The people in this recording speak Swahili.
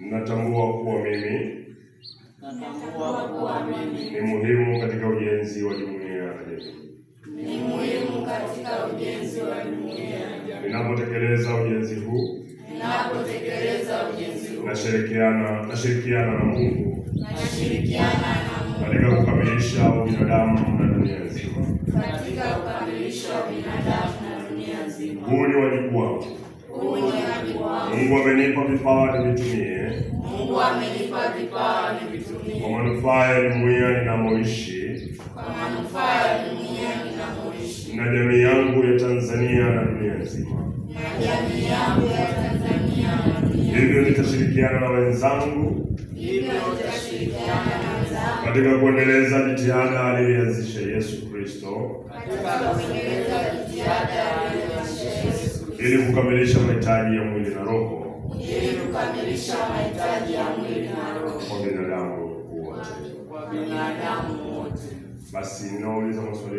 Mnatambua kuwa mimi ni muhimu katika ujenzi wa jumuiya ya jamii. Ninapotekeleza ujenzi huu nashirikiana nashirikiana na Mungu katika kukamilisha ubinadamu na dunia nzima. Huu ni wajibu wangu Mungu amenipa vipawa nivitumie Mungu amenipa vipawa kwa manufaa ya jumuiya ninamoishi kwa manufaa ya na jamii yangu ya Tanzania na dunia nzima na jamii yangu ya Tanzania Hivyo nitashirikiana na wenzangu hivyo nitashirikiana na wenzangu katika kuendeleza jitihada aliyoanzisha Yesu Kristo katika kuendeleza jitihada ili kukamilisha mahitaji ya mwili na roho ili kukamilisha mahitaji ya mwili na roho kwa binadamu wote. Basi ninawauliza maswali